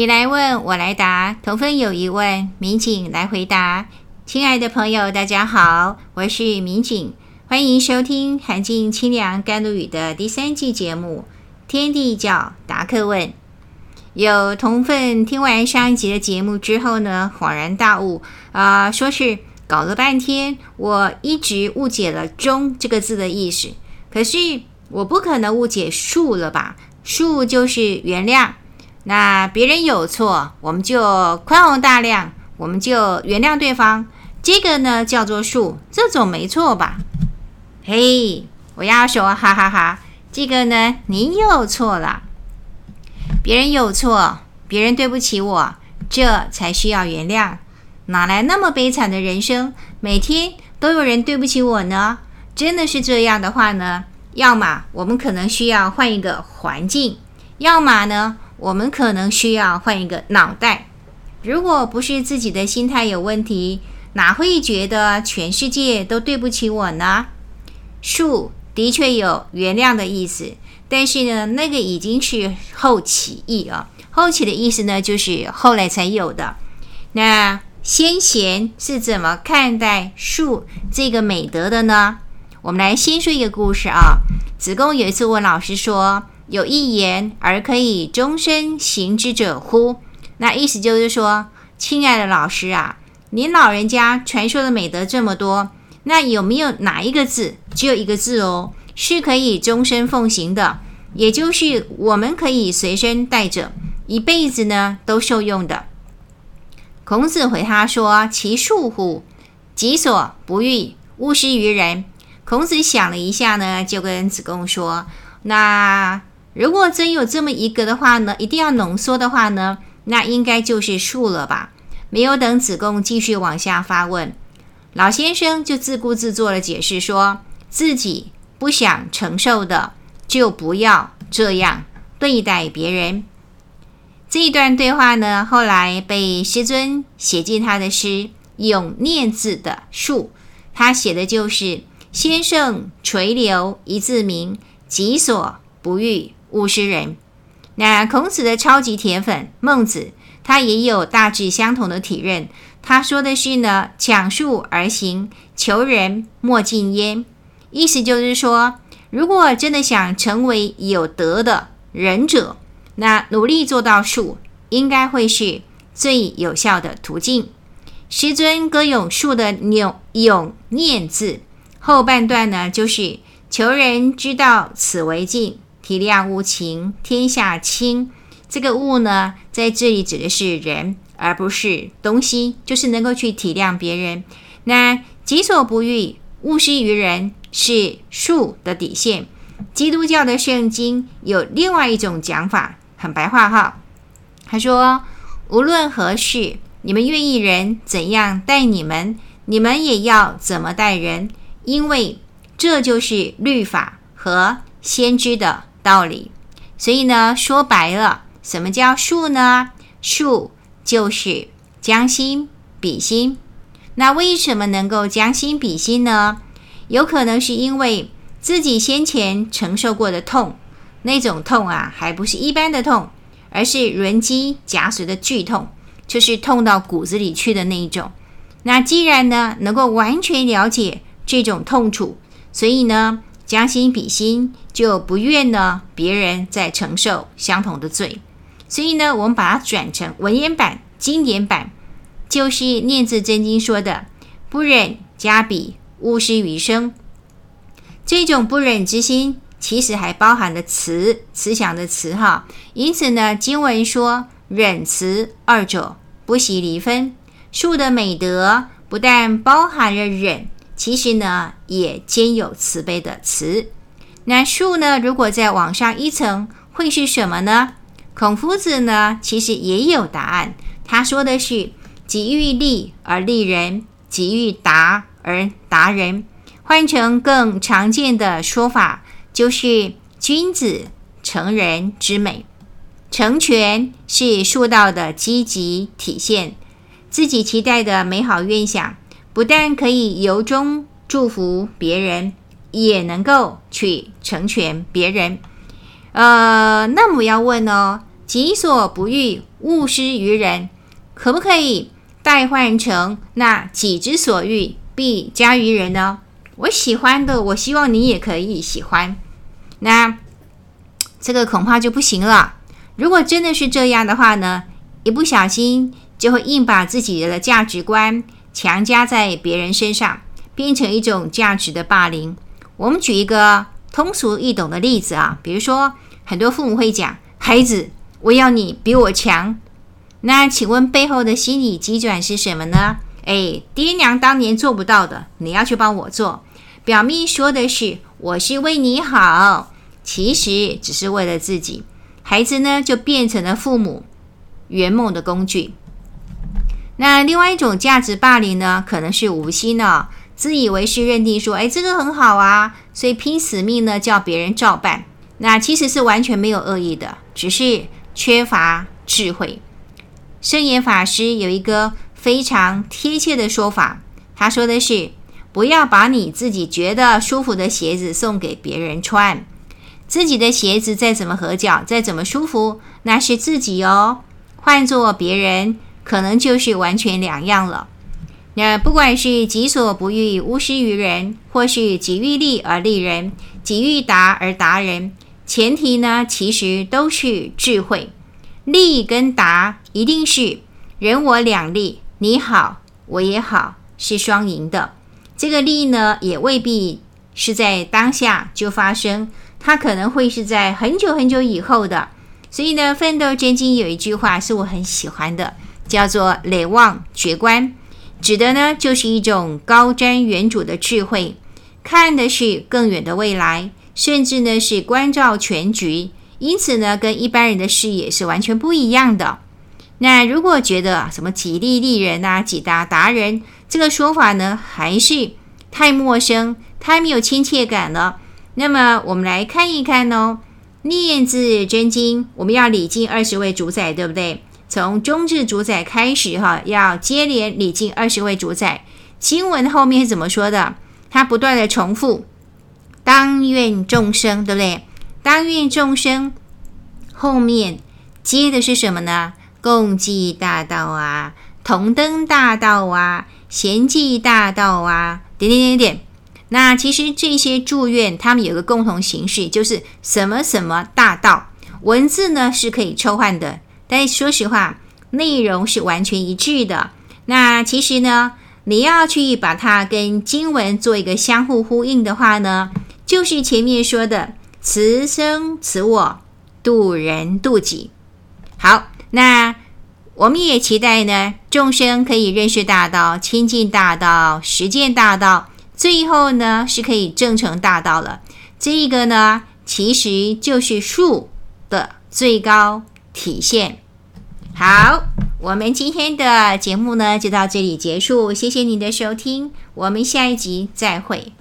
你來問我來答，同奮有疑問，民警來回答。親愛的朋友，大家好，我是民警，歡迎收聽《涵靜清涼甘露雨》的第三季節目《天帝教答客問》。有同奮聽完上一集的節目之後呢，恍然大悟啊、呃，說是搞了半天，我一直誤解了“忠”這個字的意思。可是我不可能誤解“恕”了吧？“恕”就是原諒。那別人有錯，我們就寬宏大量，我們就原諒對方。這個呢，叫做恕，這總沒錯吧？嘿，我要說，哈哈哈哈！這個呢，您又錯了。別人有錯，別人對不起我，這才需要原諒。哪來那麼悲慘的人生，每天都有人對不起我呢？真的是這樣的話呢，要麼我們可能需要換一個環境，要麼呢，我們可能需要換一個腦袋，如果不是自己的心態有問題，哪會覺得全世界都對不起我呢？恕的確有原諒的意思，但是呢，那個已經是後起義啊，後起的意思呢，就是後來才有的。那先賢是怎麼看待恕這個美德的呢？我們來先說一個故事啊。子貢有一次問老師說：有一言而可以終身行之者乎？那意思就是說，親愛的老師啊，您老人家傳授的美德這麼多，那有沒有哪一個字？只有一個字哦，是可以終身奉行的，也就是我們可以隨身帶着，一輩子呢都受用的。孔子回他說：“其恕乎！己所不欲，勿施於人。”孔子想了一下呢，就跟子貢說：“那。”如果真有這麼一個的話呢，一定要濃縮的話呢，那應該就是恕了吧？沒有等子貢繼續往下發問，老先生就自顧自做了解釋說，說自己不想承受的，就不要這樣對待別人。這一段對話呢，後來被師尊寫進他的詩《詠廿字的恕》，他寫的就是“先聖垂留一字銘，己所不欲”。勿施人，那孔子的超級鐵粉孟子，他也有大致相同的體認。他說的是呢，彊恕而行，求仁莫近焉。意思就是說，如果真的想成為有德的仁者，那努力做到恕，應該會是最有效的途徑。師尊歌詠恕的詠廿字，後半段呢，就是求仁之道，此為近。體諒物情，天下傾。這個物呢，在這裡指的是人，而不是東西，就是能夠去體諒別人。那己所不欲，勿施於人，是恕的底線。基督教的聖經有另外一種講法，很白話哈。他說：無論何事，你們願意人怎樣待你們，你們也要怎麼待人，因為這就是律法和先知的。道理，所以呢，說白了，什麼叫恕呢？恕就是將心比心。那為什麼能夠將心比心呢？有可能是因為自己先前承受過的痛，那種痛啊，還不是一般的痛，而是淪肌浹髓的劇痛，就是痛到骨子裡去的那一種。那既然呢，能夠完全了解這種痛楚，所以呢。將心比心，就不願呢，別人再承受相同的罪。所以呢，我們把它轉成文言版、經典版，就是《廿字真經》說的“不忍加彼，勿施於生”。這種不忍之心，其實還包含了慈，慈祥的慈哈。因此呢，經文說，忍慈二者不喜離分。恕的美德不但包含了忍。其實呢，也兼有慈悲的慈。那恕呢？如果再往上一層，會是什麼呢？孔夫子呢，其實也有答案。他說的是：“己欲立而立人，己欲達而達人。”換成更常見的說法，就是“君子成人之美”。成全，是恕道的積極體現，自己期待的美好願想。不但可以由衷祝福別人，也能夠去成全別人。呃，那麼要問哦，己所不欲，勿施於人，可不可以代換成那己之所欲，必加於人呢？我喜歡的，我希望你也可以喜歡。那這個恐怕就不行了。如果真的是這樣的話呢，一不小心就會硬把自己的價值觀。強加在別人身上，變成一種價值的霸凌。我們舉一個通俗易懂的例子啊，比如說，很多父母會講：“孩子，我要你比我強。”那請問背後的心理機轉是什麼呢？哎，爹娘當年做不到的，你要去幫我做。表面說的是“我是為你好”，其實只是為了自己。孩子呢，就變成了父母圓夢的工具。那另外一種價值霸凌呢，可能是無心的，自以為是，認定說，哎，這個很好啊，所以拼死命呢叫別人照辦。那其實是完全沒有惡意的，只是缺乏智慧。聖嚴法師有一個非常貼切的說法，他說的是：不要把你自己覺得舒服的鞋子送給別人穿，自己的鞋子再怎麼合腳，再怎麼舒服，那是自己哦，換做別人可能就是完全兩樣了。那不管是己所不欲，勿施於人，或是己欲立而立人，己欲達而達人，前提呢，其實都是智慧。立跟達一定是人我兩立，你好我也好，是雙贏的。這個立呢，也未必是在當下就發生，它可能會是在很久很久以後的。所以呢，《奮鬥真經》有一句話是我很喜歡的。叫做“累望絕觀”，指的呢就是一種高瞻遠矚的智慧，看的是更遠的未來，甚至呢是觀照全局。因此呢，跟一般人的視野是完全不一樣的。那如果覺得什麼己利利人啊、己達達人這個說法呢，還是太陌生、太沒有親切感了，那麼我們來看一看哦，《廿字真經》，我們要禮敬二十位主宰，對不對？從忠字主宰開始，哈，要接連禮敬二十位主宰。經文後面是怎麼說的？他不斷的重複“當願眾生”，對不對？“當願眾生”後面接的是什麼呢？共濟大道啊、同登大道啊、賢濟大道啊，點點點點。那其實這些祝願，他們有個共同形式，就是什麼什麼大道。文字呢是可以抽換的。但說實話，內容是完全一致的。那其實呢，你要去把它跟經文做一個相互呼應的話呢，就是前面說的“此生此我，渡人渡己”。好，那我們也期待呢，眾生可以認識大道、親近大道、實踐大道，最後呢是可以證成大道了。這個呢，其實就是恕的最高體現。好，我們今天的節目呢就到這裡結束。謝謝你的收聽，我們下一集再會。